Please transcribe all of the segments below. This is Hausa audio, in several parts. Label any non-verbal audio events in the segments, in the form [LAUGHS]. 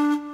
Thank you.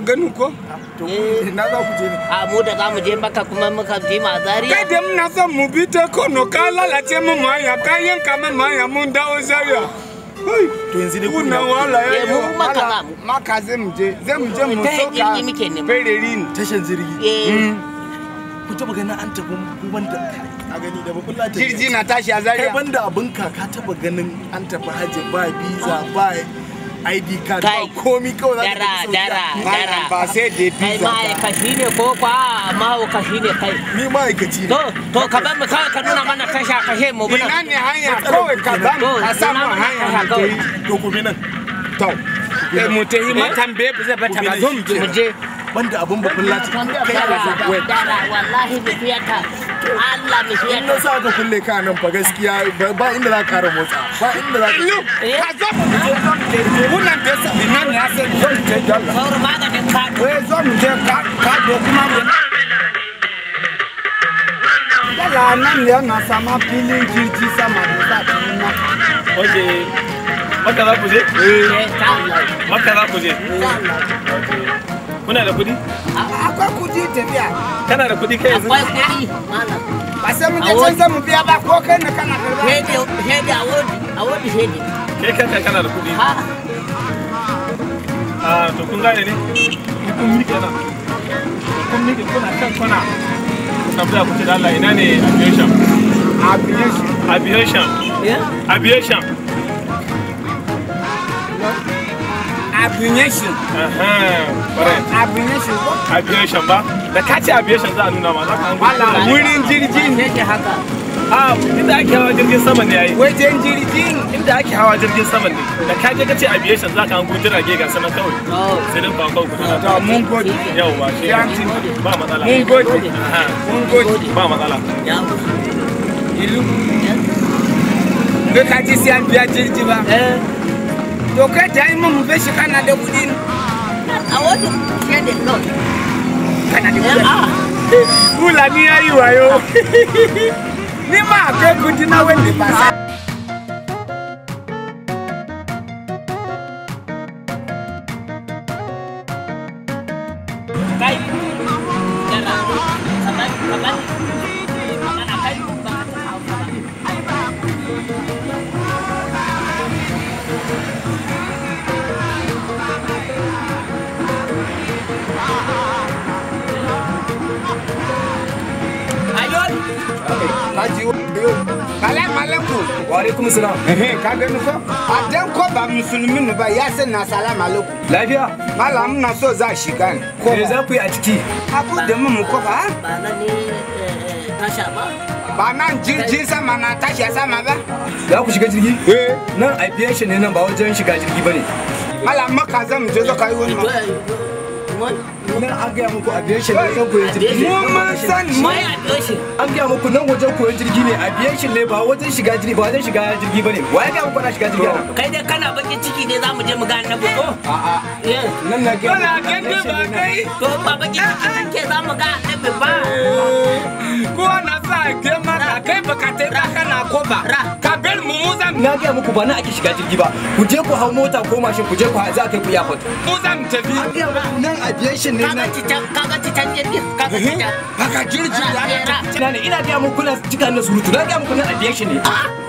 gani ko eh, na za ku je ne a mu da za mu je maka kuma muka ji ma zariya. kai da muna son mu bi ta kono ka lalace mu ma maya ka yanka mu maya mun dawo zaria to yanzu dai kuna wala ya yi maka maka zai mu je zai mu je mu so ka soka fererin Tashin jirgi eh. hmm. ku taba ganin an tafi kuban da a gani da ta. jirgi na tashi a zariya. kai banda abin ka ka taba ganin an tafi hajji ba biza ba ID card ba komi kawai za ka dara dara ba sai da visa kai ma'aikaci ne ko kwa mahaukaci ne kai ni ma'aikaci ne to ka mu kawai ka nuna mana kasha mu buna ina ne hanya kawai ka za mu a sa mu hanya mu eh, eh? zai ba je banda abun bafin lati kai ya zai kuwait wallahi bifiyata Allah bifiyata inda sa ka kulle ka nan fa gaskiya ba inda za ka kara motsa ba inda za ka eh? ka zo mu je wannan da yasa ina ya sai zo mu je dalla saur da ka wai zo mu je ka ka do kuma mu dalla nan ya na sama filin jirgi sama da ta kuma oje maka za ku je? Eh, maka za ku je? Muna da kuɗi? Akwai kuɗi tafiya. Kana da kuɗi kai yanzu? Akwai kuɗi malam. Ba sai mun je can zan mu biya ba ko kai ne kana karba. Hede hede a awodi a wodi hede. Kai kanka kana da kuɗi. Ha. Ah to kun gane ne? Kun miƙe nan. Kun miƙe kuna kan kuna. Tabbata ku ce da Allah ina ne aviation? Aviation. Aviation. Yeah? Aviation. aviation aviation ba aviation ba da ka ce aviation za a nuna ma za ka an wurin jirgin yake haka a inda ake hawa jirgin sama ne yayi wajen jirgin inda ake hawa jirgin sama ne da ka je ka ce aviation za ka an jirage ga sanan kawai sai dan bakon ku ta mun gode ba shi ba matsala mun gode mun gode ba matsala ilu ne ka ci siyan biya jirgi ba eh Doketa ima mveshi kana de kudini. I want to share the love. Kana de kudini. Ah. Ula ni ayiwa yo. [LAUGHS] Ni ma ke kudina wendi basa. alhaji malam malam ku wa alaikum salam eh ka ga nufa adan ko ba musulmin ne ba ya san na salam alaikum lafiya malam na so za shiga ne ko me za ku yi a ciki abu da mu ko eh, ba ba na ne tasha ba ba nan jirgin sama na tasha sama ba za ku shiga jirgi eh nan aviation ne nan ba wajen shiga jirgi bane malam maka zan je zo yi wani ma nan an gaya muku aviation ne kan koyon jirgi ne mun san mai an gaya muku nan wajen koyon jirgi ne aviation ne ba wajen shiga jirgi ba wajen shiga jirgi bane wa ya gaya muku na shiga jirgi nan kai dai kana bakin ciki ne zamu je mu ko nan na gaya kana gende ba kai to ba bakin ciki eh, eh. ke zamu ga ba ko na sa gema kai baka tai kana ko ba ka mu mu na ga muku ba na ake shiga jirgi ba ku je ku hau mota ko mashin ku je ku za kai ku airport mu zan tafi nan aviation ne na kaga titan jirgi kaga titan kaga jirgi ina ne ina ga muku na cika na surutu na ga muku nan aviation ne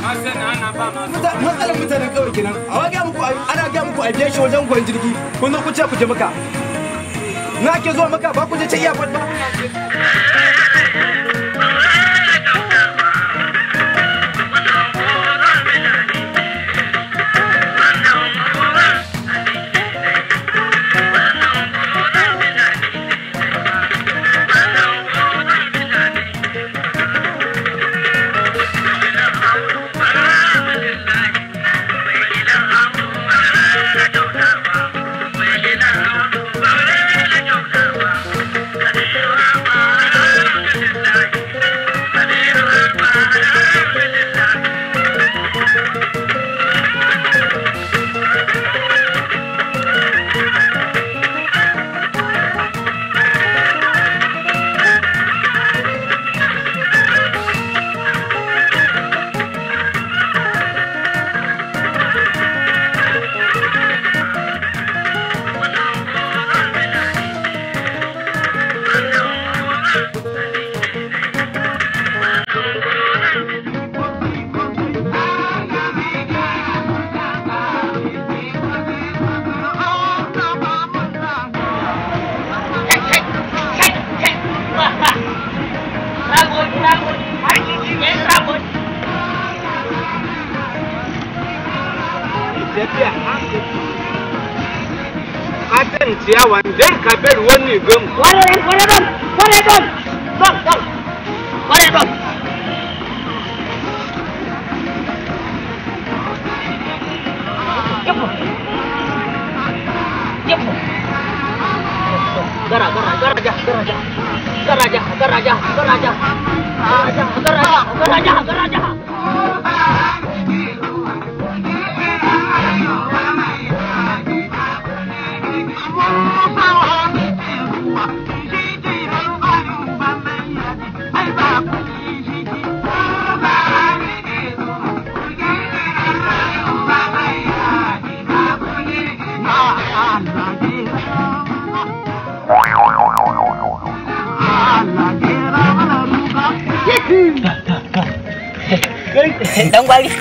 matsalar mutanen kawai kenan a ga muku ana ga muku a biyan shi wajen gwan jirgi kun zo ku ce ku je maka na ke zuwa maka ba ku je ce iya ba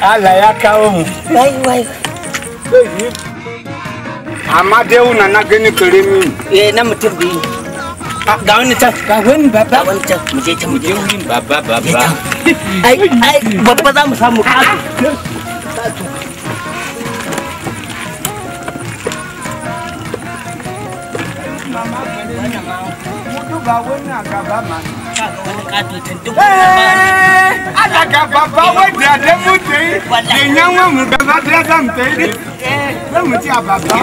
Allah ya kawo mu. Wai wai. Amma dai wuna na gani karimi. Eh na mutum biyu. Ah, ga wani can. Ga wani baba. Ga wani can. Mu je can mu je. baba baba. Ai ai babba za mu samu kasu. Kasu. kaga wani katotin duk ana ka babba wadda da mutu yi da yanwa mu gaba da zan ta yi zan mu ci a babba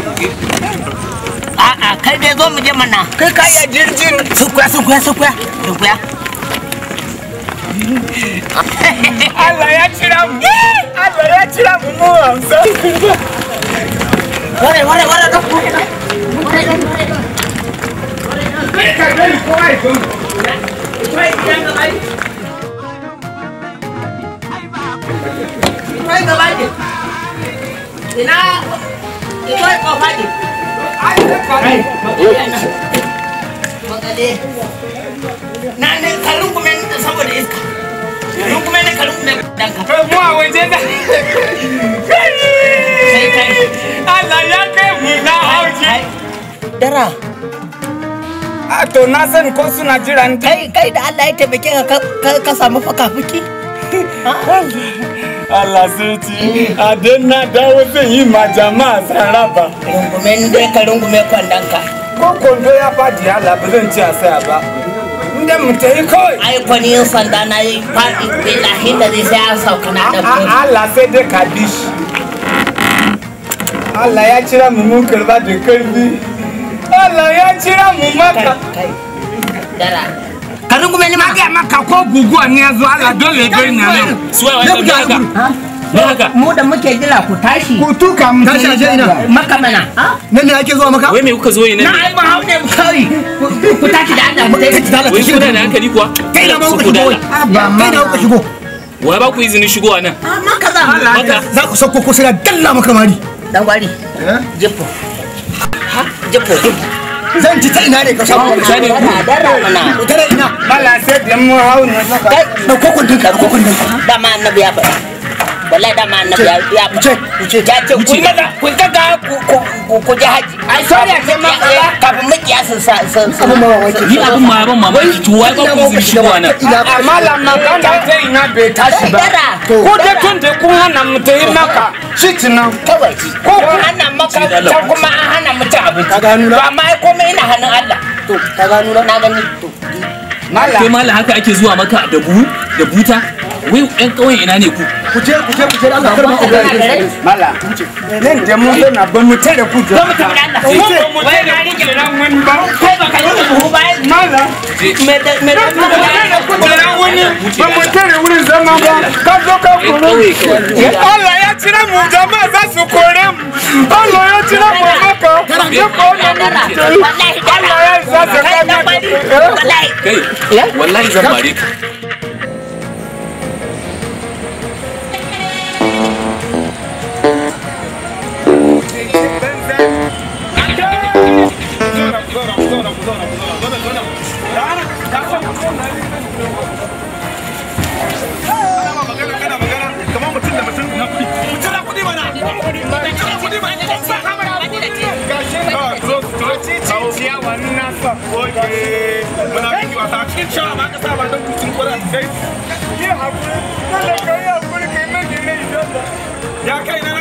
a'a kai dai zo mu je mana kai ka iya jirgin sukuya sukuya sukuya sukuya Allah ya cira mu Allah ya cira mu mu hamsa ware ware ware ka ware ka ware ware ware ware Kai na. da. Dara. a to na sani ko suna jira ni kai kai da Allah ya taimake ka ka samu fakafuki [LAUGHS] ah. Allah sarki a den na dawo zan yi ma jama'a saraba rungume dai ka rungume kwandon ka ko kwando ya faɗi Allah ba zan ci a saya ba inda mu ta yi kawai ai kwani yin sanda na yi faɗi bilahi da zai sai an sauka na ɗauke Allah sai dai ka bi Allah ya cira mu mun karba da bi. Allah ya cira mu maka. Ka rungume ni maka maka ko guguwa ne ya Allah dole ya gani na nan. Suwa wai ka haka. Ne Mu da muke jira ku tashi. Ku tuka mu. Tashi Maka mana. Ne me ake zuwa maka? Wai me kuka zo ne? Na ai ba haune kai. Ku tashi da Allah ku tashi. Wai kuna da hankali kuwa? Kai da mu ku shigo. Kai da ku shigo. Wai ba ku izinin shigowa nan. Ah, maka za. Maka za ku sauko ko sai dalla maka mari. Dan gwari. Eh? Jefo. jafo zan ci ta ina ne ka sha kuma sha ne ku dara mana ku dara ina mala sai dan mu hawo ne kai dauko kundin ka dauko kundin ka dama annabi ya faɗa wallahi da ma annabi ya fice fice ce ku maza ku kaga ku ku ji haji ai sorry a kai ma kafin makiya sun sa sun ni abin ma abin ma bai to wai ba ku shi ba nan amma da ta ina bai ba ko da tun da kun hana mu ta yi maka kawai ko kun hana maka ta kuma an hana mu ta abu ka gano amma ai komai ina hannun Allah to ka gano na gani to mala kai mala haka ake zuwa maka da buta wai yan kauyen ina ne ku ku je ku je ku je Allah ma ku mala nan da mun na ban mu tare ku je mu tare Allah na ran wani ba ko ba ka yi ku ba mala me da me da mu da ku ran wani ba mu tare wurin zama ba ka zo ka kuro Allah ya cire mu jama'a za su kore mu Allah ya cire mu haka ya kore mu Allah ya za wallahi zan bare ka Ya kai na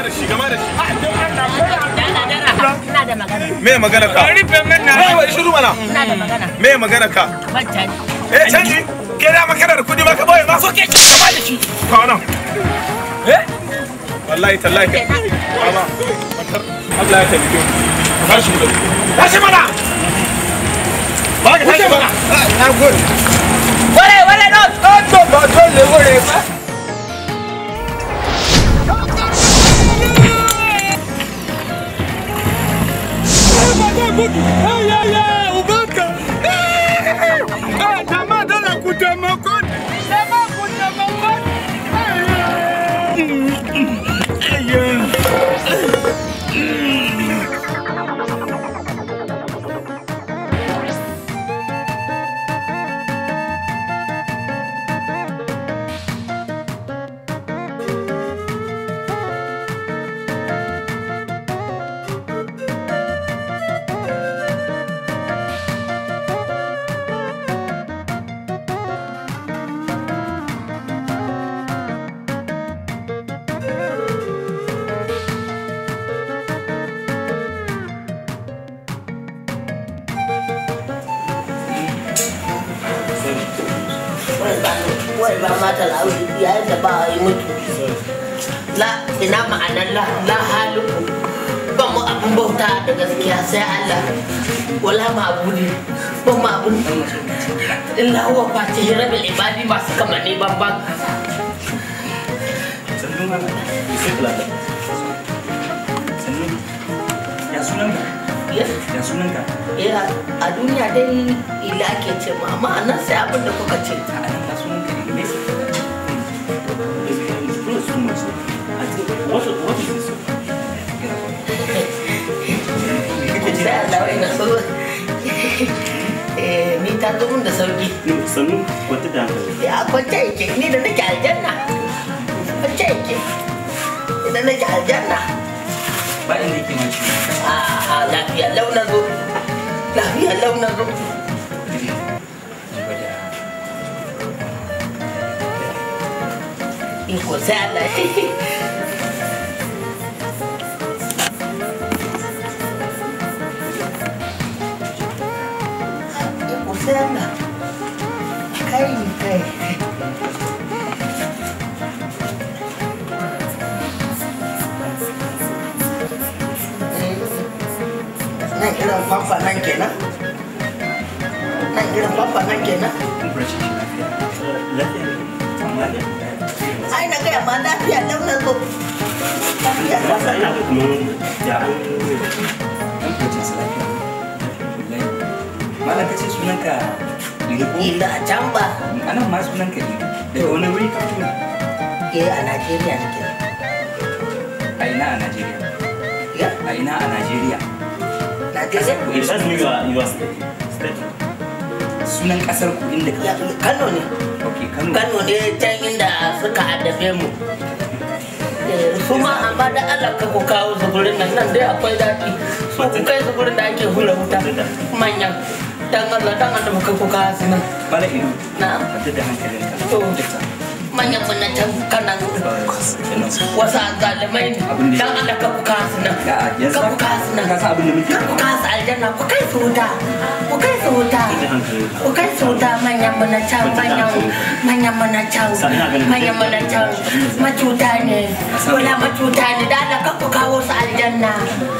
gama da shi gama da shi me magana ka Me shiru mana me magana ka eh canji ke da makana da kudi ma ka boye ma so ke gama da shi ka wannan eh wallahi tallahi ka Allah ya tabbike mu mana. shi mana ba ka tashi mana na gode wale Wala no to to to le ba Oh yeah Aïe! Aïe! wala ma'budi ba wa ba huwa fatihi rabbil ibadi masu kamanni bambam ya sunanka ya a duniya dai ila ke ce ma amma a sai abin da kuka ce nụ, chạy in ka chạy chân da sauki chạy kwanta da hankali ya chạy chân ni da nake aljanna mà yake à à, aljanna ba inda yake ma ciwo a lafiya launa zo lafiya launa zo Iko sai Allah xem nào cây cây này cái đồng pháp phần anh kiện á này cái đồng pháp phần anh kiện á anh là cái mà đã hiện trong lần cục đã hiện dạ, trong lần cục malam ka ce sunan ka ko? a can ba. A nan ma sunanka Ilu. Daga wani wuri ka fito? Eh a Najeriya nake. A ina a Najeriya? Ya? A ina a Najeriya? Najeriya? Yes, that's me you are, you are state. Sunan kasar ku inda ka? Kano ne. Okay, Kano. Kano ne can inda suka addabe mu. kuma amma da Allah ka ku kawo zuburin nan nan dai akwai daɗi su ku kai zuburin da ake hula wuta manyan dan Allah dan Allah muka kuka sini balik ini na'am da ka to manyan mun nan can kana wasa zalimai dan Allah ka sini ka kuka sini ka abin da muke ka kuka su aljanna ku kai su wuta kai su wuta kai su wuta manyan mun nan can manyan manyan mun nan can manyan mun nan can da wasu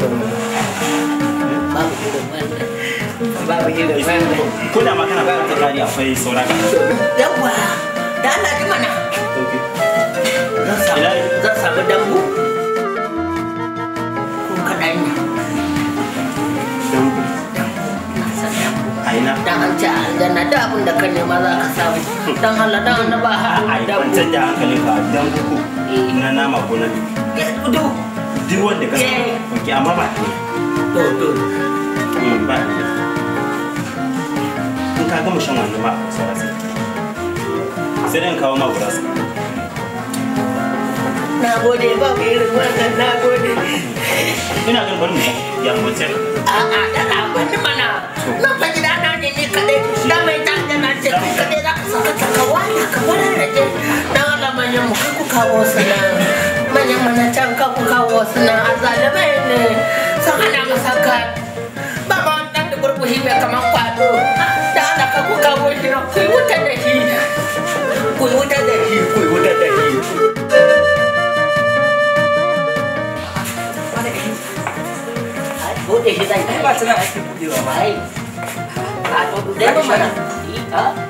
irin babu irin wannan babu irin wannan ko da ma kana ba ta kari zan samu dambu ko kaɗan ne dambu aina dan an ce aljanna da abin da ka nema za ka samu dan Allah dan na ba ha a dan da hankali ba dan ku na nama ko na duk duk wanda ka okay amma ba ta to to hmm, ba in ka gama shan wannan ba sai sai dan kawo ma sa. na gode ba ku irin wannan na gode ina ganin bari mu ya mu a a da abin mana na fa gida na ne ne kadai da mai ta da na ce kadai ka saka ka wani ka bar mu kawo sana manyang manacang kabukawas na azala mene sakana masagat mama nang burbuhime kama kwado dana kabukawas na kuiwuta dahi kuiwuta dahi kuiwuta dahi Bude kita ini. Pak senang. Bude apa? Pak, aku udah di mana? Iya.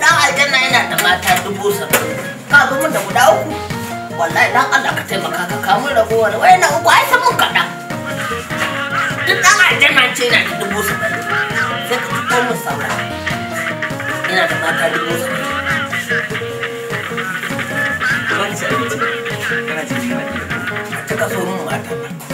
dan aljanna yana da mata dubu saba'in ka zo min da guda uku wallahi dan Allah ka taimaka ka kamun ragowar wai na uku ai san mun kaɗa duk dan aljanna ce yana da dubu saba'in sai ka tuko min saura yana da mata dubu saba'in Kana cikin mata. Ka cika so min mata.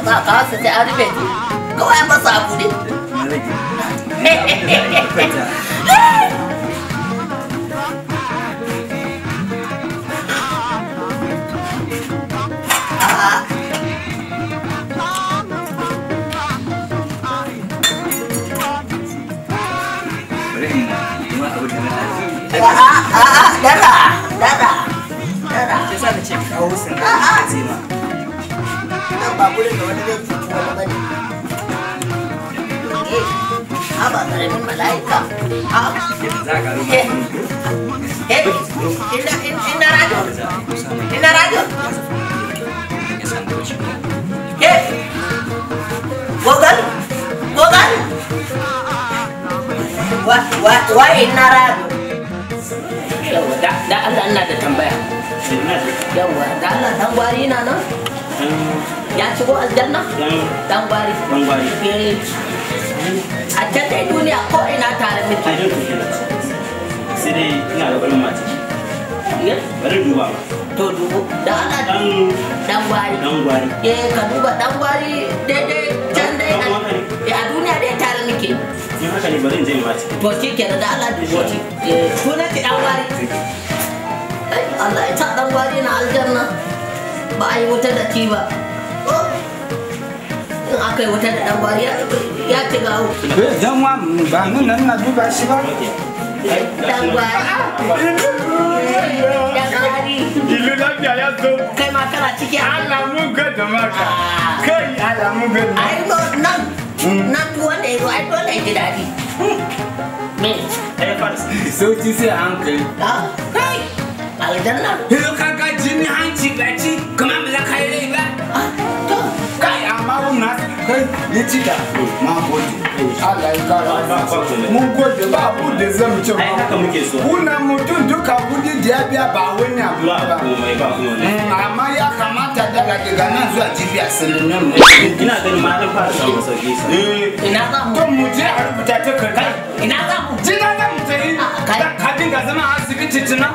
tak kalah ka hari sai boleh kau ada lagi buat apa ni? Eh, apa kalian pun malaika? Ah, eh, eh, indah indah rajo, indah rajo. Eh, bukan, bukan. Wah, wah, wah, indah rajo. Yawa, da, da Allah ada tambaya. Yawa, da Allah tambari na nan. Hmm. ya shigo aljanna dan gwari dan a can duniya ko ina tare miki a yanzu kenan sai dai ina da mace bari duba ba to dubu da ana dan dan dan gwari eh ka duba dan gwari daidai can dai a duniya dai tare miki in haka ne bari in je mace to da Allah dubo shi sunan ki dan gwari Allah ya dan gwari na aljanna ba a yi wuta da ci ba oh. in aka yi da ɗan ya ci eh, wa ba nun nan na duba shi ba ilu lafiya ya zo kai ma kana ciki gada maka ah. kai gada ai nan hmm. nan ya zo ai ya ji daɗi hmm. me eh, sauti sai ah, kai aljanna eh, yi hanci gaci kuma ba za ka yi rai ba kai amma kai ni ci da na gode Allah ya kara mun gode ba abu da zan ce ba haka mutum duka kudi da ya biya ba wani abu ba mm, amma ya kamata daga daga nan zuwa jibiya sanannan mu ina ganin ma an fara samu sauki eh, ina za mu mu je a rubuta ta kai ina za mu jina za mu ka dinga zama asibiti tunan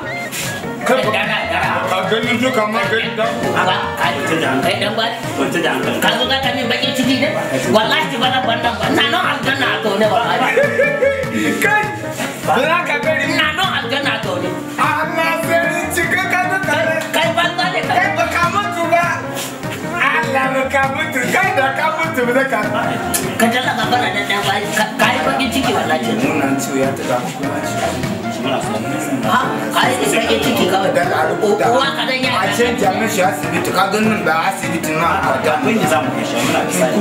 a ganin duka ma ganin da ba a ita da kai dan ba ita da ka zo ka min bakin ciki ne wallahi ba na bannan ba na nan aljanna to ne wallahi kai za ka gari na nan aljanna to ne Allah sai cika ka da kai kai ban da ne kai ba ka mutu ba Allah ba ka mutu kai da ka mutu ba ka ka jalla ba bana dan dan ba kai bakin ciki wallahi mun nan ciwo ya ta ga kuma a yi sake ciki kawai uwa kadan ya a ce ka gan nan ba asibiti na a da mun yi ka ya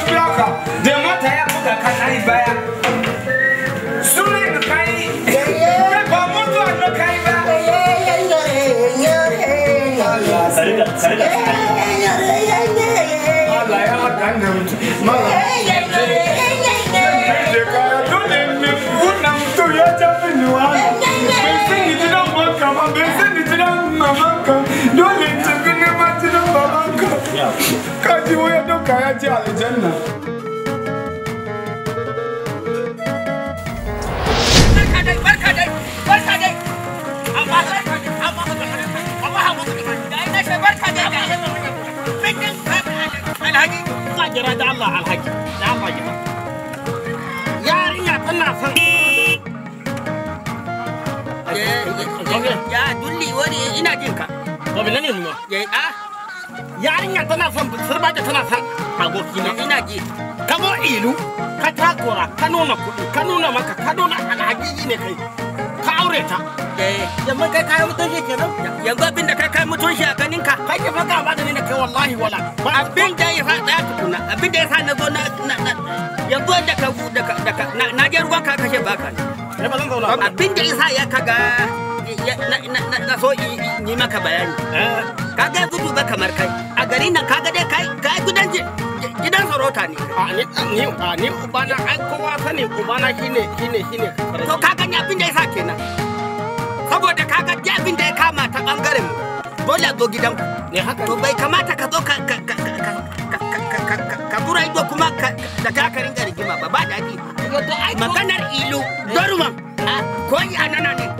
nawa da ka kashe ka ya baya Kaji wewe ndo kayaje aljanna Barka dai barka dai amma amma amma amma alhaji za gira da yarinya tana son da tana son aboki na ina ka zo ilu ka takura ka nuna kuɗi ka nuna maka ka nuna ka ne daure ta eh, yamma kai kayan mutunci kenan yanzu abin da kai kayan mutunci a ganin ka kai ke faka ba da ni da kai wallahi wala abin da ya faɗa tukuna abin da ya sa na zo na yanzu da ka da ka na je ruwan ka kashe baka abin da ya sa ya kaga na so yi maka bayani eh. kaga gudu ba kamar kai a gari nan ga dai kai kai gudan gidan sarauta ne a ni ni a ni na ai kowa sani na shine shine shine to ka gani abin da yasa kenan saboda ka ga abin da ya kama ta bangaren mu dole a zo gidan ku ne haka to bai kamata ka zo ka ka ka ka ka bura ido kuma da takarin rigima ba ba daɗi maganar ilu dorman ko yana ne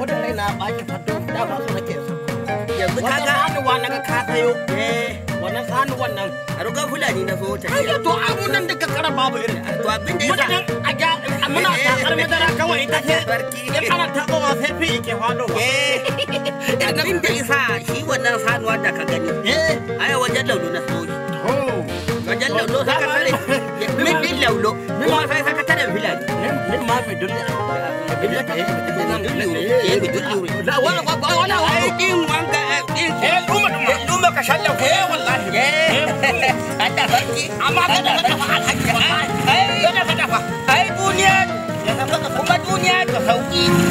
ko na raina baki fado da nake yanzu ka ga hannuwa na ka sayo eh, wannan nan a rukan fulani na so ya to abu nan da ka kara babu irin to abin da yasa a ga muna eh, takar madara kawai ita ce in ana tabowa sai fi yake fado eh abin da yasa shi wannan hannuwa da ka gani eh ai wajen na so oh. wajen ka [LAUGHS] من إلا ولو ما في فكتنا البلاد من ما في دنيا لا ولا بابا ولا هايكين وانجا الأمة الأمة كشلة وهي والله أنت فرقي أما أنا فتح على الحكي أنا فتح هاي بنيان وما بنيان وفوقي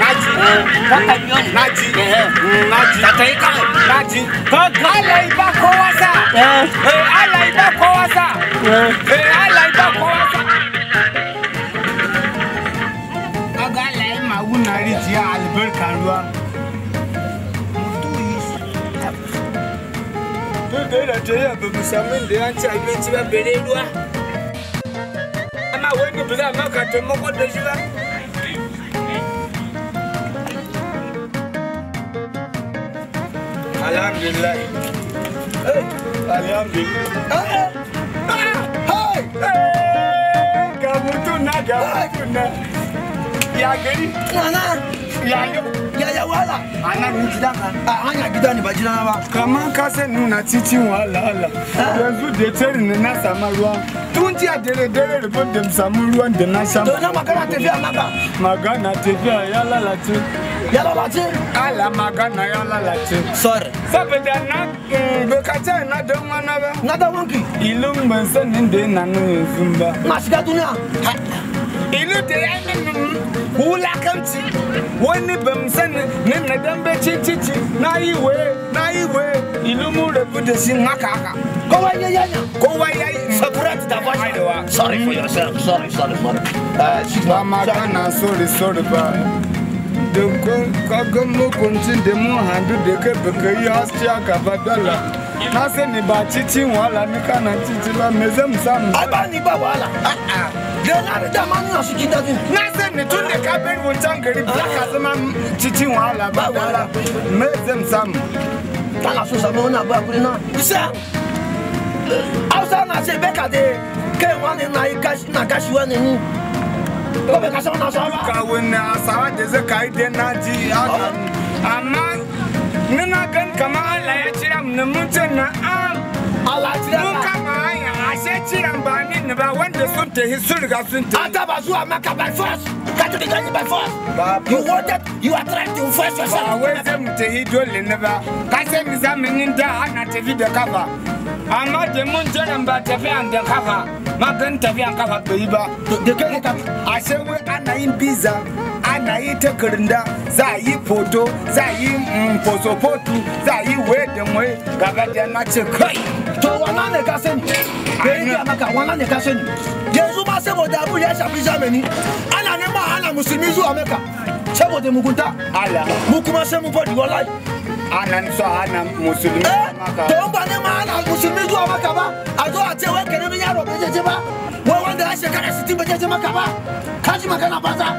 naji naji naji tataika naji ala iba kowasa eh. eh, ala iba kowasa eh. ala iba kowasa. kaga ala yi ma wuna rijiya albarka ruwa. Bebe da ta yi abu musamman da yanci abinci ba bere ruwa. Amma wani bu za a maka taimakon da shi ba. Alhamdulillah. alhamdulillah. Hey, hey, hey, Ya gari? Nana. Ya Ya ya wala. Ana gidan ka. Ah, ah ana gidan ni ba gidan ba. Kaman nuna titin wala ala. Ah. Yanzu da tare ne sama ruwa. Tun jiya dare dare rubun da samu ruwan da na sha. To na magana tafiya maka. Magana tafiya ya lalace. Ya lalace? Ala magana ya lalace. Sorry. saboda na bai kace na ba na dan wanki ilin ilu ya nan wulakanci wani ban sanin nan na dan bai cici na yi na yi ilu mu rabu si shi haka kowa ya yanya kowa ya yi saburat da ba sorry for yourself sorry sorry sorry uh, she's sorry sorry de kɔgɔmɔ kuntin de mu handu de ke beke yi ɔsia kaba dɔla n'ase ni ba titi wɔn la ni kana titi la meze musa mu. ɔba ni ba wàhálà gẹ́gẹ́ bí dama ní ọ̀sùn kìí dájú. n'ase ni tún de ka bẹ́ẹ̀ wọ́n can kiri black asema titi wɔn la ba meze musa mu. tala so sami wọn na bọ ẹkùnrin náà. sẹ hausa na se bẹẹ kàdé kéwọn ni na kasi wọn ni. kawun na asawa da zaka yi da na ji amma nuna gan kama Allah ya cira mu mutum na am Allah cira mun kama hanya ashe ciran ba ni ba wanda sun tahi sun riga sun tahi an taba zuwa maka by force to be done by force. You wanted, you are trying to force yourself. Ba wai zan mu tafi dole ne ba. Ka san zamanin da ana tafi da kafa. Amma da mun the ba tafiyan da kafa. Magan tafiyan cover, bai ba. Da kai ka ashe wai ana yin pizza. ana yi ta kirinda za a yi foto za a yi fosofotu za a yi waye da waye gaba da na ce kai to wannan ne ka sani da maka wannan ne amma saboda abu ya shafi jamani ana nema ana musulmi zuwa meka saboda mugunta ala mu kuma sai mu faɗi wallahi anan so ana musulmi maka eh, to ba ne ma ana musulmi zuwa maka ba a zo a ce wai karamin yaro bai je ba wai wanda ya shekara 60 bai je maka ba ka ji magana ba za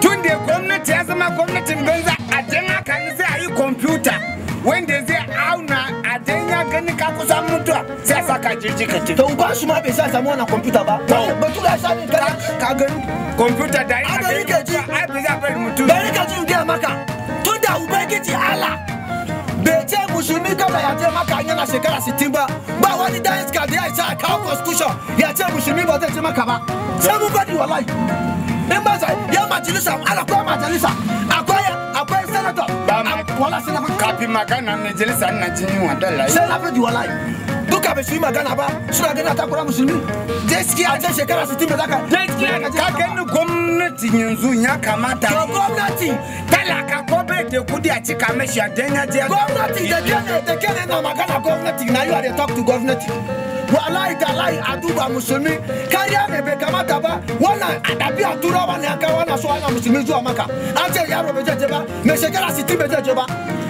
tun da gwamnati ya zama gwamnatin banza a jan haka ni sai a yi kwamfuta wanda zai auna a dan ya gani ka kusa mutuwa sai ka jirji ka ce to ba shi ma bai sa samu wannan kwamfuta ba ba tu da sani ka ka gani kwamfuta da ai da rike ji ai ba za bari mutum da rike ji da maka tun da ubangiji Allah bai ce musulmi kada ya je maka an yana shekara 60 ba ba wani da iska da ya isa a kawo constitution ya ce musulmi ba zai ce maka ba sai mu bari wallahi in ba sai ya majalisa ana kwa majalisa akwai akwai senator wala sai na fa kafin magana ne jeli san na jin wallahi sai na fa ji wallahi duka bɛ su yi magana ba suna gani a takura musulmi gaskiya ce shekara 60 ba za ka gaskiya ka kɛ ni gwamnati yanzu ya kamata to gwamnati talaka ko bai da kudi a mɛ mashi a dan ya je gwamnati da ke da ke na magana gwamnati na you de talk to gwamnati alayi tallahi a duba musulmi kariya ne bai kamata ba wannan a ɗabi'a turawa ne an kai wannan so ana musulmi zuwa maka an ce yaro bai je ba mai shekara sittin bai je ba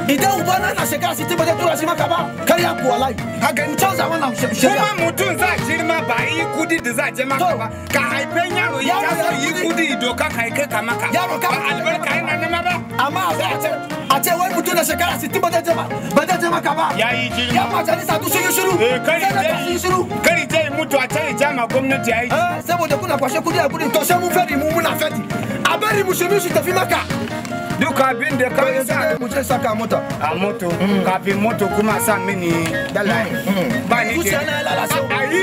idan uba na na shekara sittin bai je tura shi maka ba kariya ku alayi a ganin canza na shekara kuma mutum za ma ba yi kudi da za je maka ba ka haifen yaro ya yi kudi doka kai ka maka yaro ka albarka yana nama ba Ama, sai a ce a ce na mutum da shekara 60 ba zai je ba ba zai je maka ba yayi jiri ya majalisa duk sun yi shiru eh kari dai shiru kari dai mutu a tare jama gwamnati ai eh, saboda kuna kwashe kudi a gudun to sai mun fadi mu muna fadi a bari mu shiru shi tafi maka duk abin da ka yi sa mu je saka moto a ah, moto hmm. kafin moto kuma sa Dala. dalaye hmm. ba ni ke ah, ayi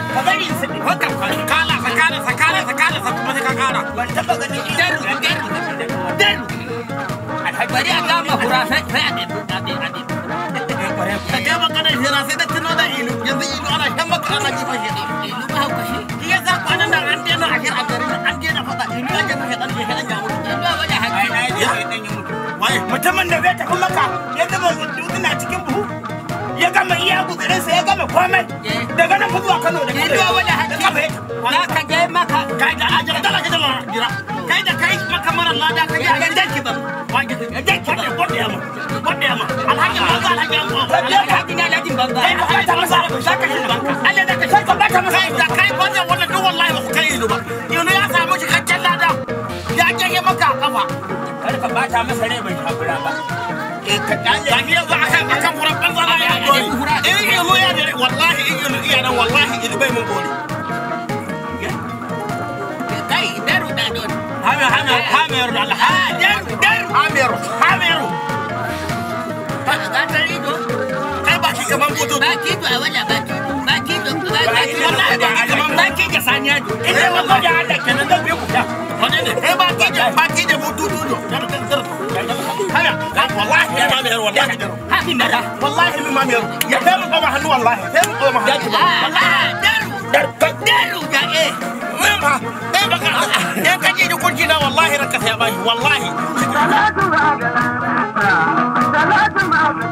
ka bari su haka kala sakala sai ka kara ban taba gani bari a gama hura sai sai a ɗin a ɗin a ta da an a a an mutumin da zai tafi maka ya zuba dutse na cikin buhu gama iya gugurin sa ya gama komai daga nan zuwa Kano da kai da wani hakki na ka ga maka kai da ajira dala ka dala jira kai da kai maka mara lada ka ga dan ki ba wani dan ki ba wani yamma wani yamma alhaji ba za alhaji ba alhaji na alhaji ba kai ba ta masa za ka shi k'a Allah da ka shi ba ta masa da kai ba zan wannan duk wallahi ba kai ido ba yanzu ya samu shi kaccen lada ya ke maka kafa kar ka bata masa rai bai kafira ba يعني يلا عشان عشان مربان ضل يا قولي إيه هو يعني والله إيه أنا والله اللي بين من قولي Hamir hamir hamir. على هامر هامر هامر هامر baki kaman kudu baki to wala baki baki to baki wallahi baki kaman baki ga sanya to eh wallahi da Allah kenan dan bai kuta wannan ne eh baki ga baki da bututu do dan dan haya wallahi ni ma mai wallahi daro salatu salatu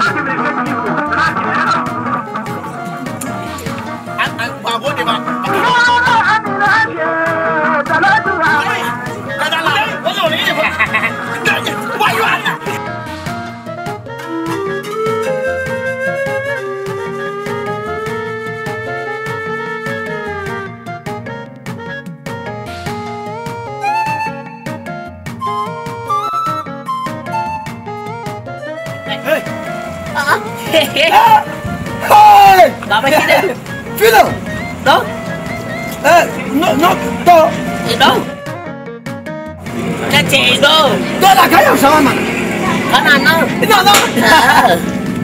salatu Baba Kida. Filo. Đó. Ê, nó nó to. Gì đó. Cái chị đó. Đó là cái nào sao mà? Cái nào nó? Cái nào nó?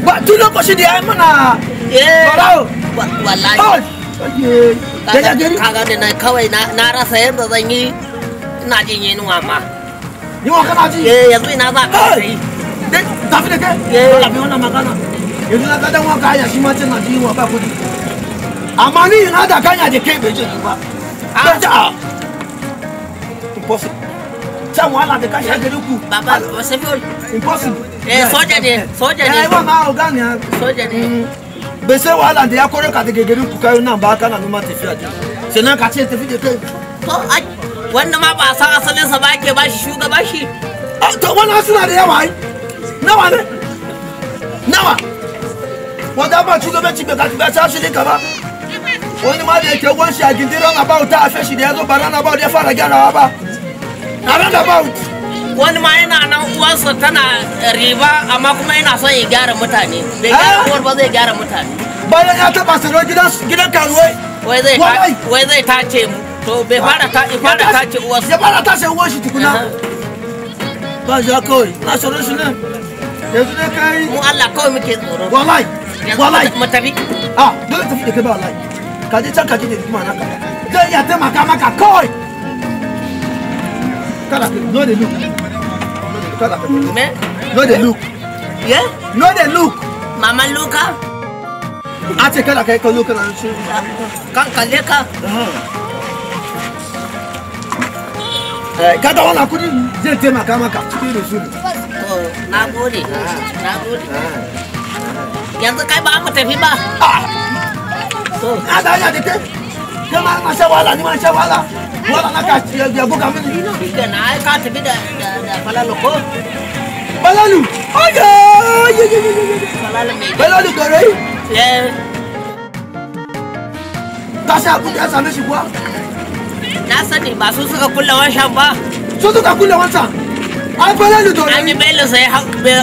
Bạn chú nó có xin đi em mà nà. Yeah. Vào đâu? Bạn bạn lại. Thôi. Cái gì? Cái gì này không na na ra xem rồi đây nhỉ? Na gì nhỉ nó mà. Nhưng mà cái nào chứ? Yeah, tôi na ra. Đấy, tao biết cái. Yeah. Làm gì nó mà cái nào? yanzu na dan wanka hanya shi ma tana da yiwa ba kudi amma ni in hada kanya da kai bai jin ba a da impossible can wahala da kashi gari ku baba wasu fi impossible eh soja ne soja ne yayi ma oga ne soja ne bai sai wahala da ya kore ka daga garin ku kayo nan ba kana neman tafiya da sannan ka ce tafi da kai to wanda ma ba san asalinsa ba ke ba shi shugaba shi to wannan suna da yawa ai nawa ne nawa wanda ba shugabanci bai kafin ya tashi ne kama wani ma da yake uwan shi a gindiran about a fashi da ya zo baran about ya fara gyarawa ba around about wani ma yana nan uwansa tana riba amma kuma yana son ya gyara mutane bai gyara eh? uwar ba zai gyara mutane bayan ya taba sanar gidan karuwai wai zai mu to bai fara ta fara ta ce wasu. ya fara ta ce shi tukuna ba ja kawai na shi ne yanzu ne kai mu Allah kawai muke tsoro wallahi mu Ah, a dole tafi da kai ba wallahi ka je can ka je da hikima na ka zai iya taimaka maka kawai kada ka no dey look kada ka me no dey look yeah no dey look mama luka a ce kada kai kallo kana shi kan kalle ka kada wannan kudi zai taimaka maka cikin rasulu na gode na gode yanzu kai ba mu tafi ba na da hanya da ke ke ma na sha wahala ni ma sha wahala wala na ka ya buga mini da na ai ka tafi da da falalu ko falalu oye falalu gare eh ka sha abin da ya same shi kuwa na sani ba su suka kulle wancan ba su suka an fa lalu to an yi bello sai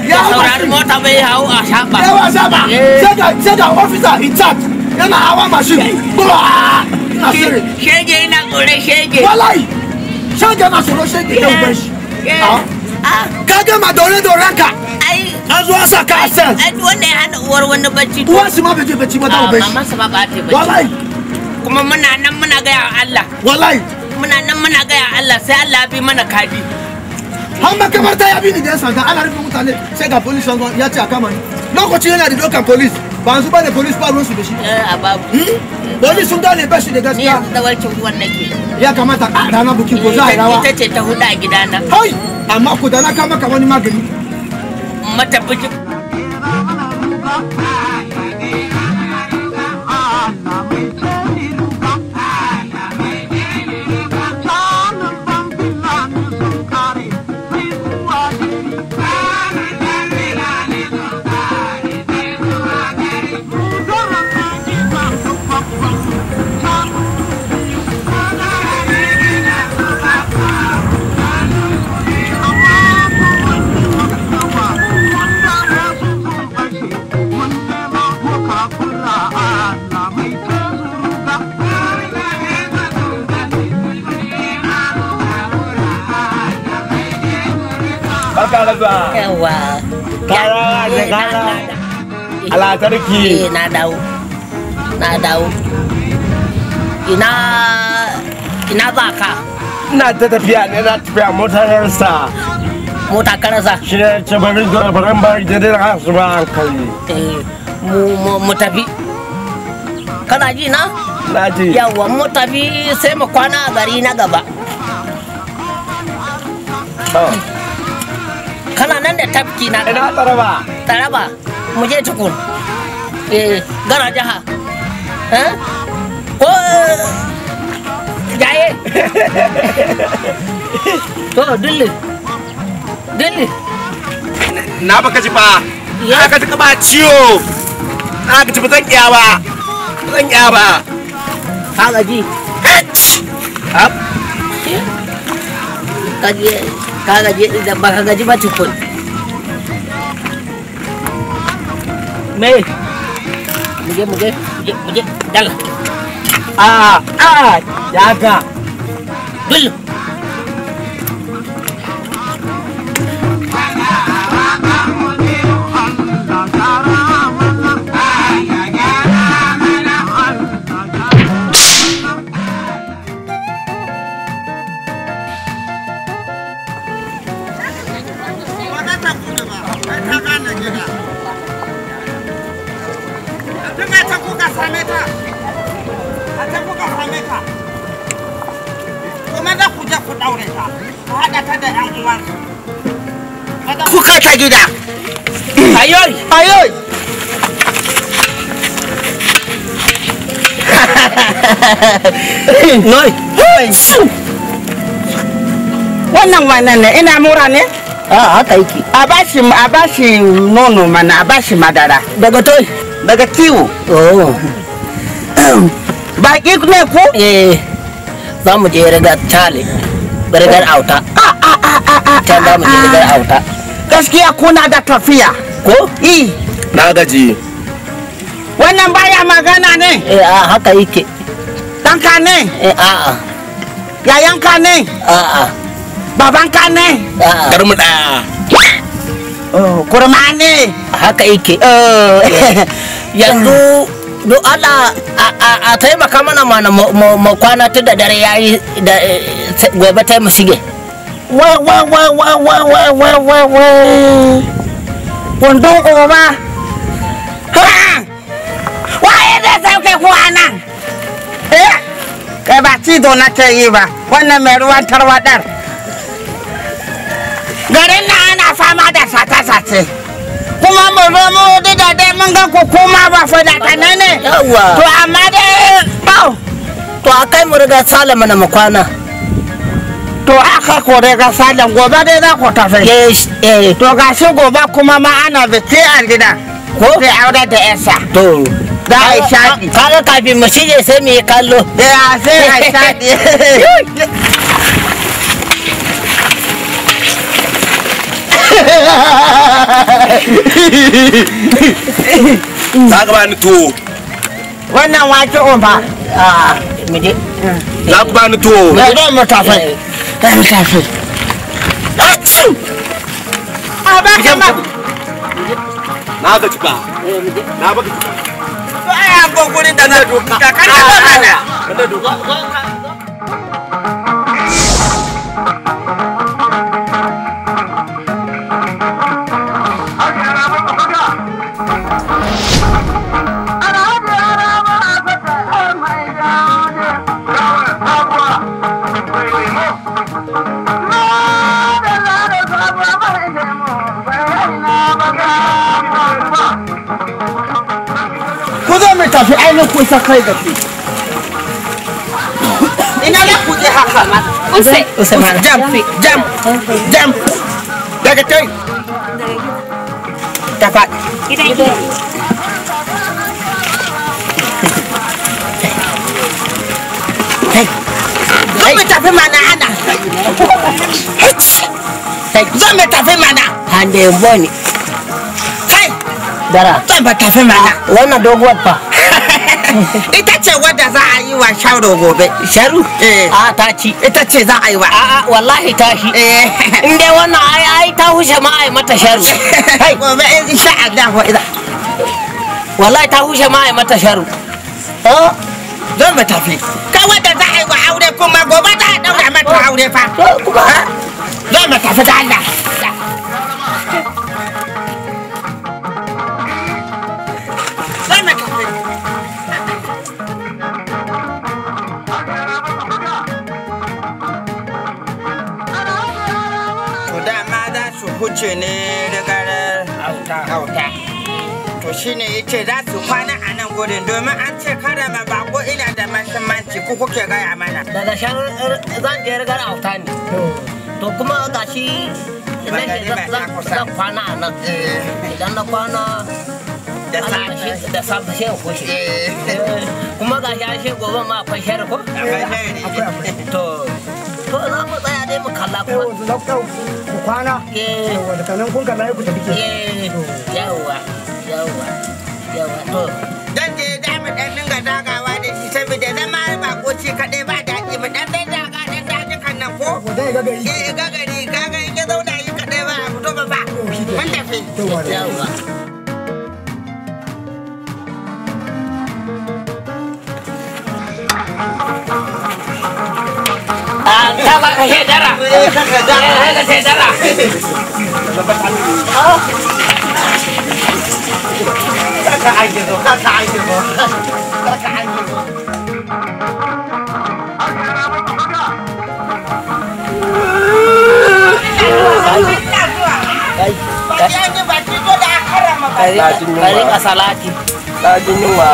ya saurari mota bai hau a shaba yawa shaba eh. sai ga in charge yana hawa bro a shege yana kore shege shege na tsoro shege yau ban ah. shi ah. ka gama dore ka an zo sa ka asel wanda ya hana uwar wani bacci uwar shi ma bai bacci ba ta ah, bai shi mamansa ba ta bacci wallahi kuma muna nan muna gaya Allah wallahi muna nan muna gaya Allah sai Allah ya bi mana kadi har makabarta ya bi ni da sanda ana rufe mutane sai ga police an ya ce a kama ni lokaci yana da dokan police ba su bane police ba ruwan su da shi eh a babu hmm? police sun gane bashi da gaskiya ni da warkin ruwan nake ya kamata a rana buki. ko za a rawa ita ce ta huda a gidana hai amma ku da na kama ka wani magani mata bukin Plaza. Yawa. Kara da kara. Alatarki. Eh, na dawo. Na dawo. Ina ina Ina ta tafiya ne na tafiya sa. Mota karasa. Shi ne ce bari zuwa bari bari da dai hasu ba hankali. Eh, mu mu tafi. Kana ji na? Na ji. Yawa mu tafi sai mu kwana a gari na gaba. Oh. kana nan da tafki na ina taraba taraba mu je tukun eh gara jaha eh ko jaye [LAUGHS] to dille dille na baka ji ji ba ciwo ji kiya ba kiya ba ka ji ka gaji ba tukun me muje muje muje a a ah, ah, daga dullu je ku daure ta ku ta da yan uwansa kuka ta gida ayoy ayoy [LAUGHS] Noi. Wannan wannan ne ina mura ne? A haka yake. A bashi a bashi nono mana a bashi madara. Daga toy? Daga kiwo. Oh. Baki ne ko? Eh. za mu je rigar tale rigar auta ah, ah, ah, can za mu je rigar auta gaskiya kuna da tafiya ko i na gaji wannan baya magana ne eh a haka yake danka ne eh a a ka ne a a ka ne a a garmu daya oh, kurma ne haka yake oh. [LAUGHS] yanzu do Allah a taimaka mana mana ma kwana ta da dare yayi da eh, gobe ta mu shige wa wa wa wa wa wa wa wa wa eh kai ba cizo yi ba wannan mai ruwan tarwaɗar garin na ana fama da sace-sace kuma mu zo mu da da dai mun ga ku kuma ba kana ne to amma dai bau to a kai mu riga salama na makwana to aka kore ga salam gobe dai za ku tafi eh to ga shi gobe kuma ma ana biki an gida ko sai aure da yasa to da aisha kaga kafin mu shige sai mu yi kallo eh sai aisha [LAUGHS] za ka bani tuwo wannan wake ofa ah, muje za ku bani tuwo na eh, ba mu tafai eh. ba mu tafai a ah! ah, ba ka ma na ga tuka na ba ka tuka to ai gogurin da na doka k'a ba mana tafi ainihin kusa kai da ke ina na kuje haka ma use use jam jam jam daga tai tafa gidan Zan tafi mana ana. Zan mu tafi mana. Hande boni. Kai. Dara. Zan tafi mana. Wannan doguwar fa. ita ce wadda za a yi wa sharo gobe sharu eh. a ta ci ita ce za a yi wa a wallahi ta shi eh. in dai wannan ai ai ta hushe ma ai mata sharu [LAUGHS] gobe insha Allah wa ida wallahi ta hushe ma ai mata sharu oh don oh. ba fi ka wadda za a yi wa aure kuma gobe za a daura mata oh. aure fa don ba fi da Allah ce ne da hauta to ya ce za su kwana a nan gudun domin an ce karama bako ina da mahimmanci ku kuke gaya mana da shan zan je rigar auta ne to kuma ga shi zan kwana a nan eh. idan na kwana da safe shi kushe eh. eh. kuma ga shi gobe ma akwai shari'a ko? akwai shari'a to to za mu kasa kuma ku kwana kun kalla ku tafi ke to dan je da mu dan dinga dagawa da shi saboda zama ba ko kadai ba daɗi mu dan dan daga dan daji kan nan ko ko dai eh zauna yi kadai ba ku to ba ba mun tafi Dapat kasih darah. Kasih Ah? Kakak aja tuh, kakak aja tuh, kakak aja tuh. Bajunya baju itu ada akar sama baju. Baju nua. Baju nua.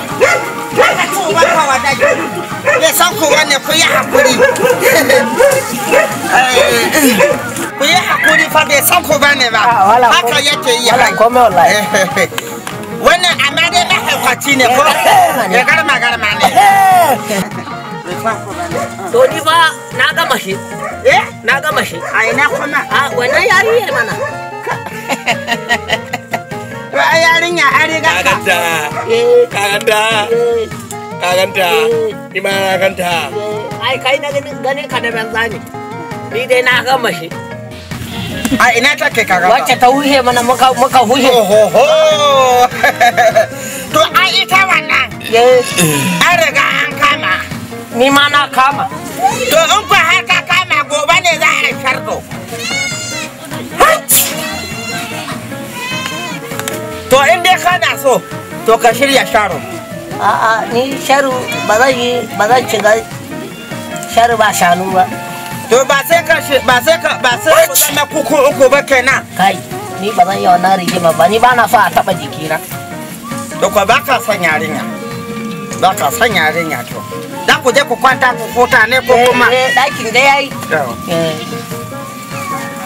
kuyi san ku ku yi hakuri eh, ku yi fa bai san ku bane ba ah, haka yake yi [LAUGHS] wannan ne ko ya eh, eh, garma garma ne to ni ba na gama shi eh na gama shi a ina kuma a wannan yarinyar mana [LAUGHS] to a yarinya an riga ka da ka da ka ganta eh. ni ma na ganta ai kai na ganin ka da banza ne ni dai na gama shi a ina ta kai kaga wacce ta huhe mana muka muka huhe ho [LAUGHS] to a ita wannan an riga an kama ni ma na kama to in ku har ka kama gobe ne za a shardo to in dai kana so to ka shirya sharon a'a ni sharu ba zan yi ba zan shiga sharu ba shanu ba to ba sai ka ba sai ka ba sai ku na kuku uku ba kenan kai ni ba zan yi wannan rigima ba ni ba na so a taba jikina to ko ba ka son yarinya ba ka son yarinya to da ku je ku kwanta ku futa ne ko eh, kuma eh dakin da yayi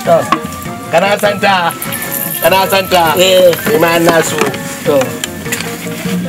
to eh. kana santa kana santa eh kuma na to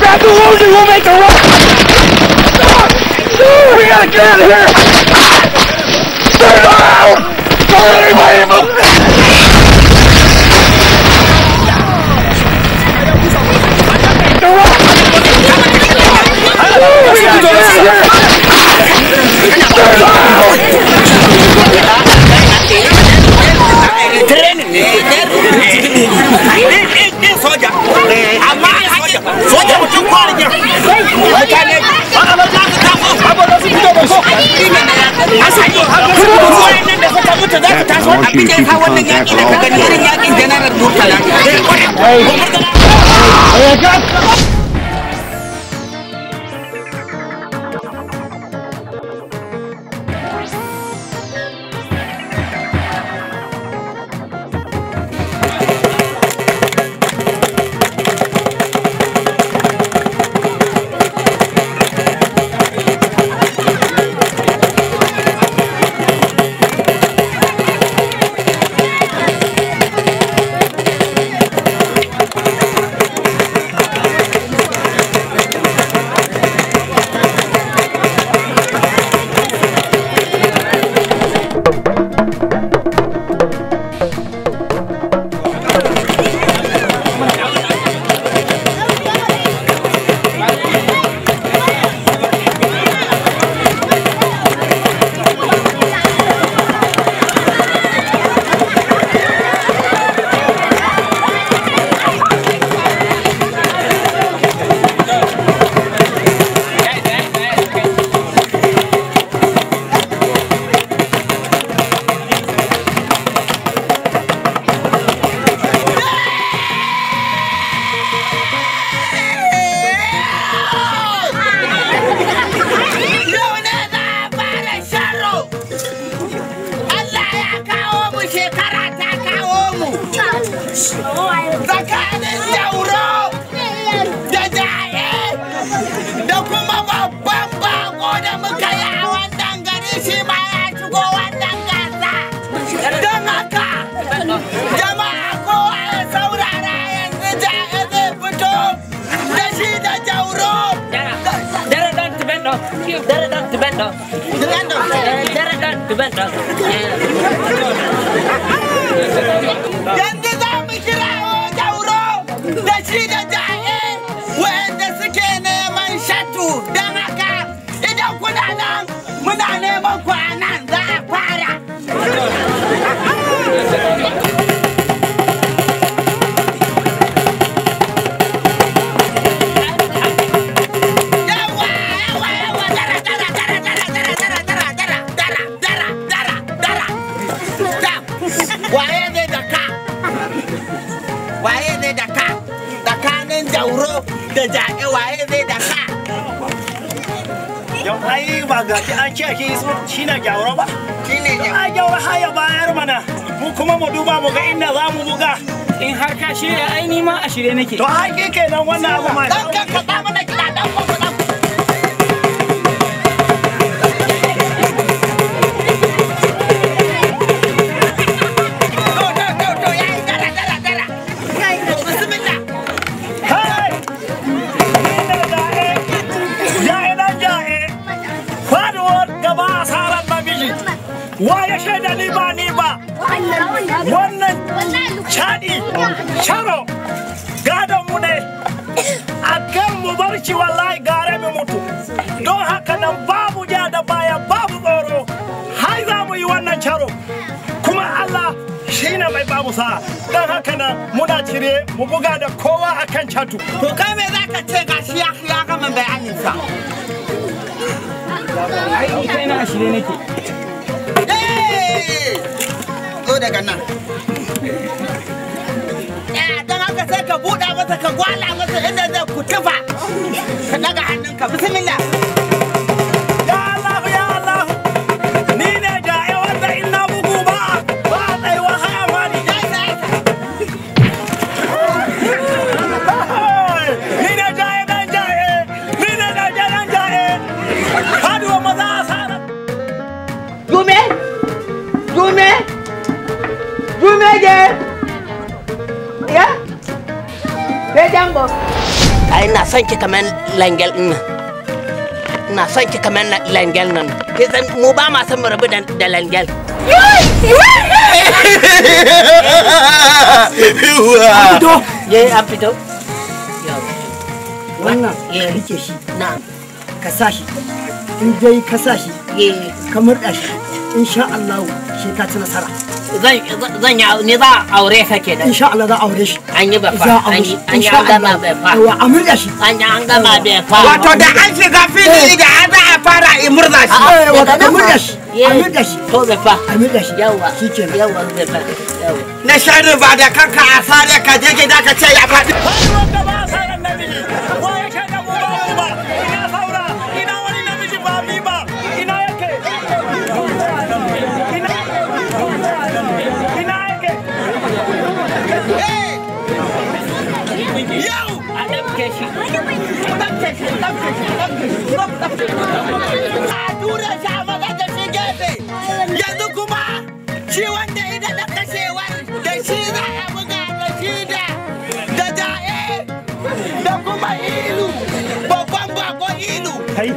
Grab the wounded! We'll make a run! We gotta get out of here! Sir, no! Don't soja mutum kwari ne mutane da suka mutu za su taso abin da ya sa wannan yaƙi da ka gani irin yaƙin janarar murtala wa ya shaida ni ba ni ba wannan shaɗi sharo gadon mu ne a kan mu barci wallahi gare mu mutu don haka nan babu ja da baya babu tsoro har za mu yi wannan caro kuma Allah shine mai babu sa don haka nan muna cire mu buga da kowa akan catu to kai me zaka ce gashi ya gama bayanin ai na shirye nake zo daga nan eh, don haka sai ka buɗa masa ka gwala masa inda zai kutufa ka daga hannunka bismillah jambo. Ai na san ki kamar langel ɗin mm. Na san ki kamar langel nan. Ki san mu ba ma san mu rabu da langel. Abdo. Ye Abdo. Wannan rike shi. Na. Ka sa shi. In dai ka sa shi. Ka murɗa shi. In sha Allah shi ka ci nasara. zan ne za a aure ka ke da insha Allah za a aure shi an yi bafa an yi an gama bafa wa amur shi an yi an gama bafa wato da an shiga fili eh. da an za a fara a murza shi eh, wato da murza shi amur da shi to bafa amur da shi yawa shi ke yawa bafa na shanu ba da kanka a sare ka je gida ka ce ya faɗi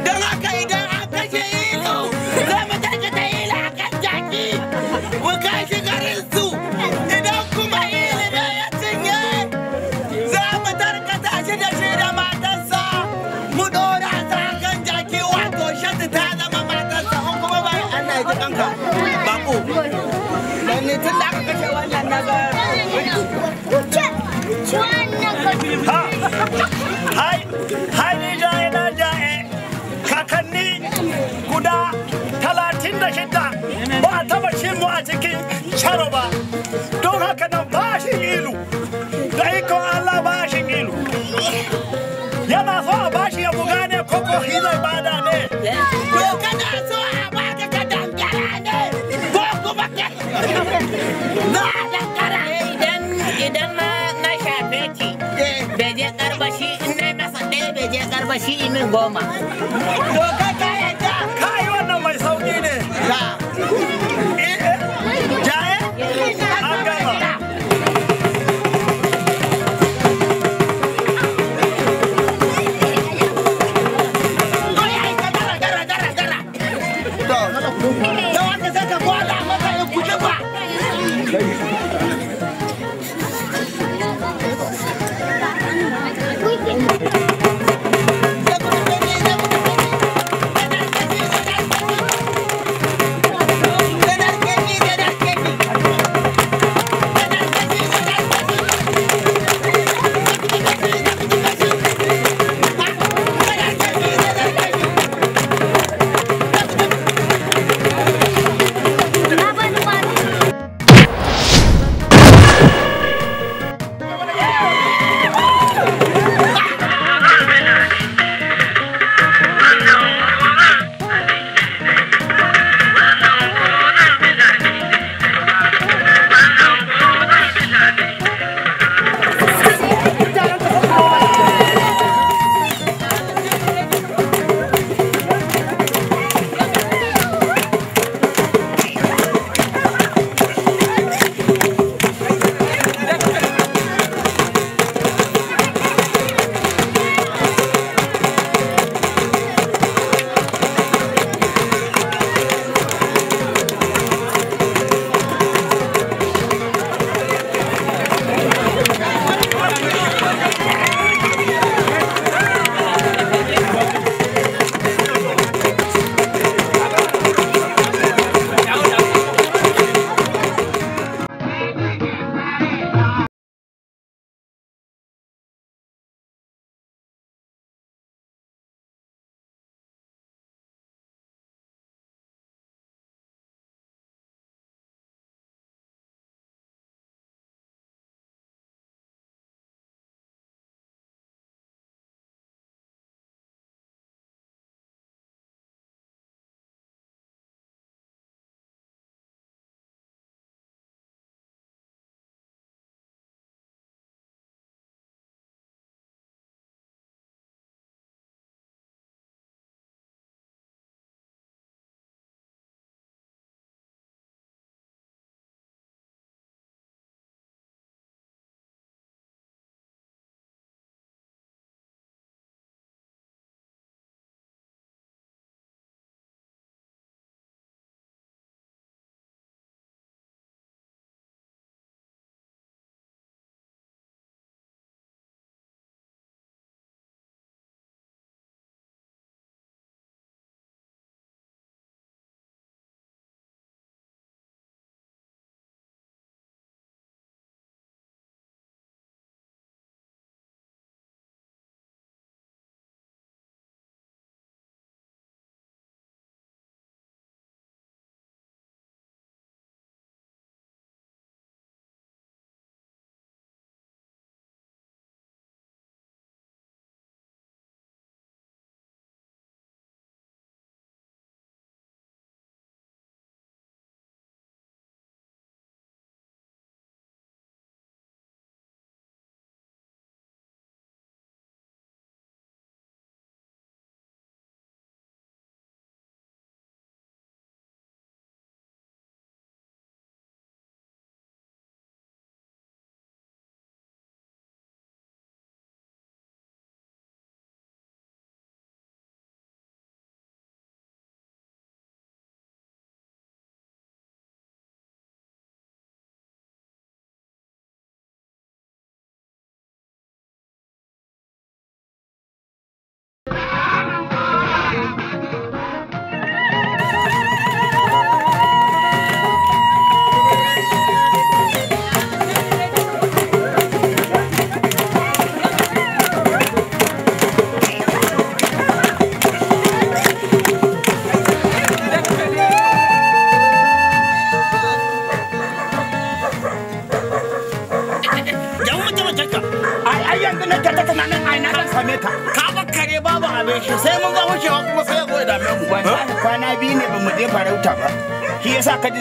Dengar 新一民国嘛。[LAUGHS]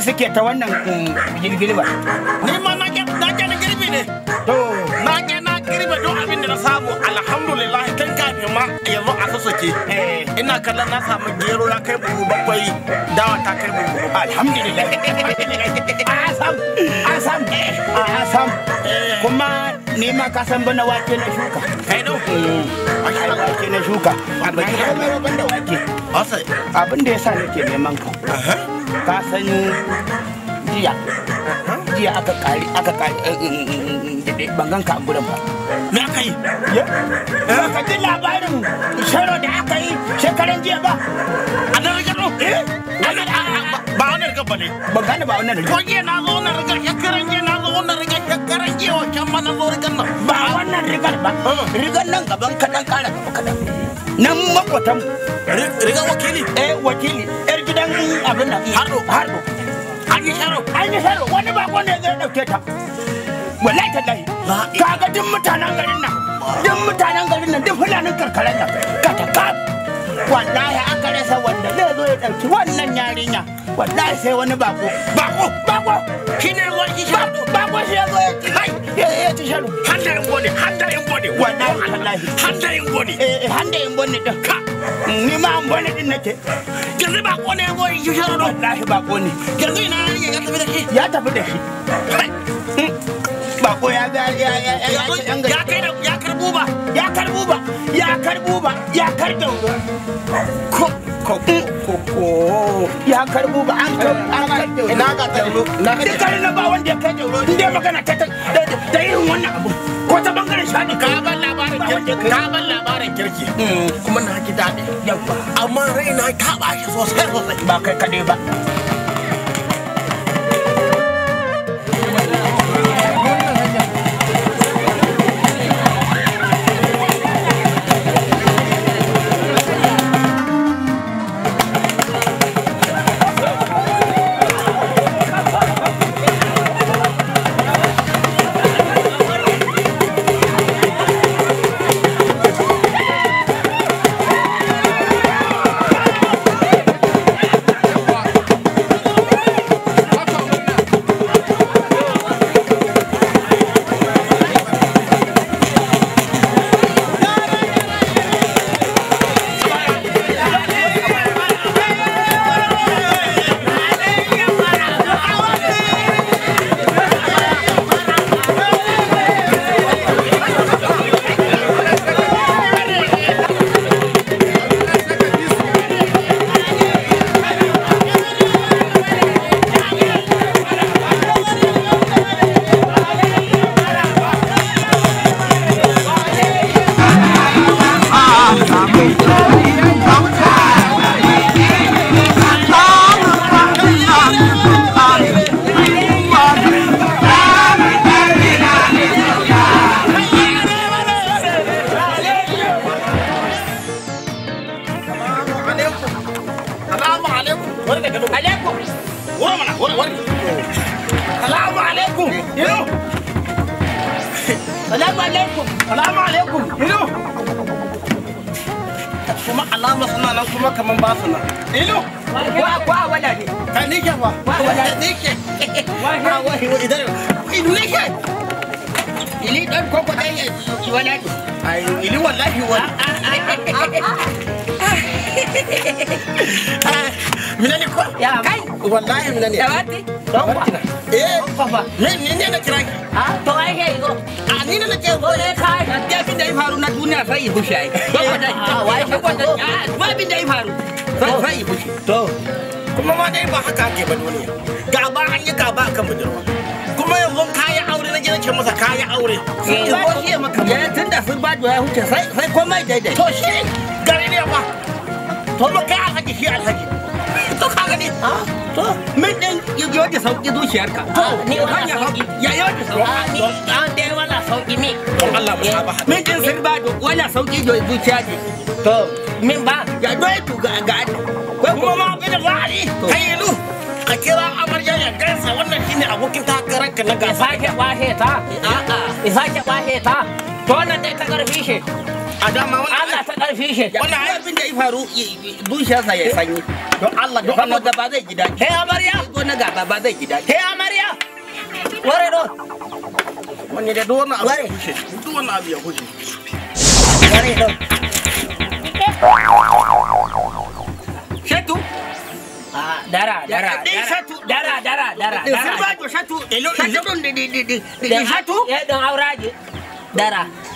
suke ta wannan eh, girgirba. Ni ma na ke na girbi ne. To. Na ke na girbi don abin da na samu alhamdulillah tun kafin ma yanzu a sassake. Eh. Ina kallon na samu gero na kai buhu bakwai dawa ta kai buhu. Alhamdulillah. sam, a sam. Kuma ni ma ka san bana wake na shuka. Kai no. Eh. wake na shuka. Abin da ya sa nake neman ka. ka san jiya jiya aka kari aka kari eh, eh, eh, bangan ka a ba me aka yi ka ji labarin sharo da aka yi shekaran jiya ba a nan rigaro ba wani rigar ba ne ba gane ba wani rigar ko jiya na zo na rigar shekaran jiya na zo na rigar shekaran jiya wancan ma na zo rigar nan ba wannan rigar ba rigar nan gaban kaɗan ƙara gaba kaɗan nan makwatan rigar wakili eh wakili yan abin nan haro haro an yi haro an yi haro wani bako ne zai ɗauke ta wallahi kaga duk mutanen garin nan duk mutanen garin nan duk fulanin karkaran nan ka ta wallahi aka rasa wanda zai zo ya ɗauki wannan yarinya wallahi sai wani bako bako bako shi ne ruwan shi bako bako shi ya zo ya ci hai ya ci shalu handa in bone handa in bone wallahi wallahi handa in bone eh, eh handa in bone ɗin. ka ni ma an bone din nake yanzu bako ne ya zo ya ci shalu wallahi bako ne yanzu ina ya tafi da shi ya tafi da shi hmm. bako ya ga ya ya ya ya kai da ya karbu ba ya karbu ya kar ba ya kar ko ko ko ya kar ba an kar an kar na ka dauro na ka dauro na ba wanda ya kai dauro in dai magana ta ta da irin wannan abu ko ta bangaren shaɗi ka ban labarin kirki ka ban labarin kirki mm. kuma na ki daɗi yawa amma raina ka ba shi sosai sosai ba kai kaɗai ba sauki da zuciya ne to min ba ya doye tu ga ga ko kuma ma bai da wari kai lu ka kira amarya ya gansa wannan shine abokin takarar ka na gasa ke bahe ta a'a isa bahe ta to wannan dai ta karfi shi a dama wannan Allah ta karfi shi ya faru sanyi don amarya ware do dara,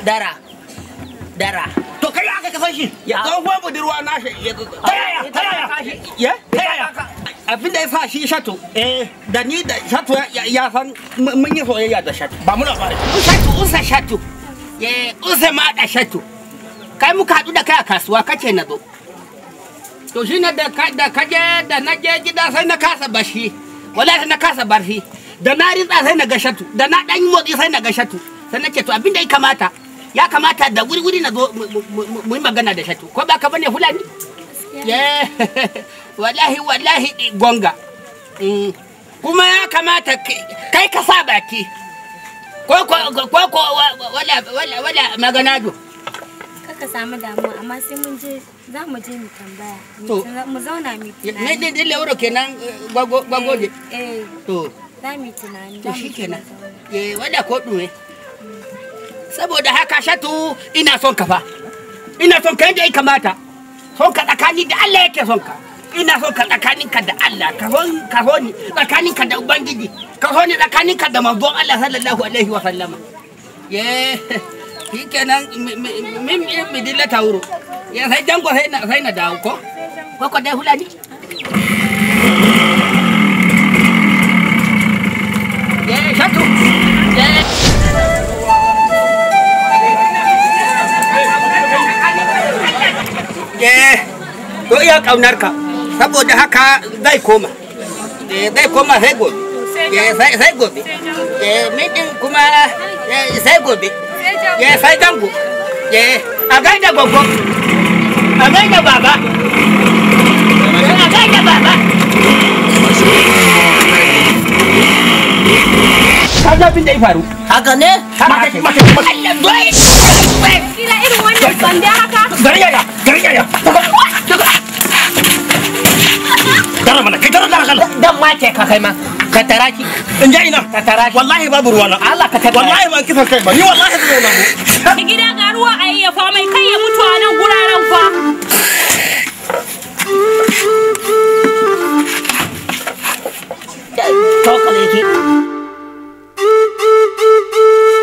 dara. Dara, To kai aka kafa shi. Ya. budurwa na shi. Ta yaya? Ta yaya? Ya? Ta yaya? abin da ya sa shi shatu eh, da ni da shatu ya san mun yi soyayya da shatu ba mu labari shatu usa shatu eh, usa ma da shatu kai muka haɗu da kai a kasuwa kake na zo to shi ne da kaje da na je gida sai na kasa bashi sai na kasa barhi da na ritsa sai na gashatu da na dan motsi sai na gashatu sai na ce to abin da ya kamata ya kamata da wuri wuri na zo mu yi magana da shatu ko ba ka bane fulani [LAUGHS] wallahi wallahi gonga mm. kuma ya kamata kai ka sa baki ko ko ko wala wala magana do ka samu damuwa amma sai mun je za mu je mu tambaya mu zauna mu tunani ne dai lauro kenan eh, gwagode eh, eh to za mu tunani to shikenan eh wanda ko duwe saboda haka shatu ina son ka fa ina son ka yadda ya kamata son ka tsakani da Allah yake son ka ina son ka tsakanin ka da Allah ka son ka so ni tsakanin ka da ubangiji ka so ni tsakanin ka da manzon Allah sallallahu alaihi wa sallama eh [LAUGHS] shi kenan min mi dilla tauro ya sai jango sai na sai na dawo ko ko ko dai hulani ya shatu Eh, to iya kaunar ka saboda haka zai koma zai koma sai gobe sai gobe kuma sai gobe Yes, I dango. Yeah. A gaida gogo. A gaida baba. A gaida baba. Kaga abin da ya faru. Haka ne? Haka maka maka. Allah doi. Kira irin wannan banda haka. Gari yaya, gari yaya. Dara mana, kai dara dara kana. Dan ma ke ka kai ma. ka tara ki in ja ina ka tara ki wallahi babu ruwa na Allah ka tara wallahi ban kisan kai ba ni wallahi zai na ki gida ga ruwa a yayyafa mai kai ya mutu a nan guraren fa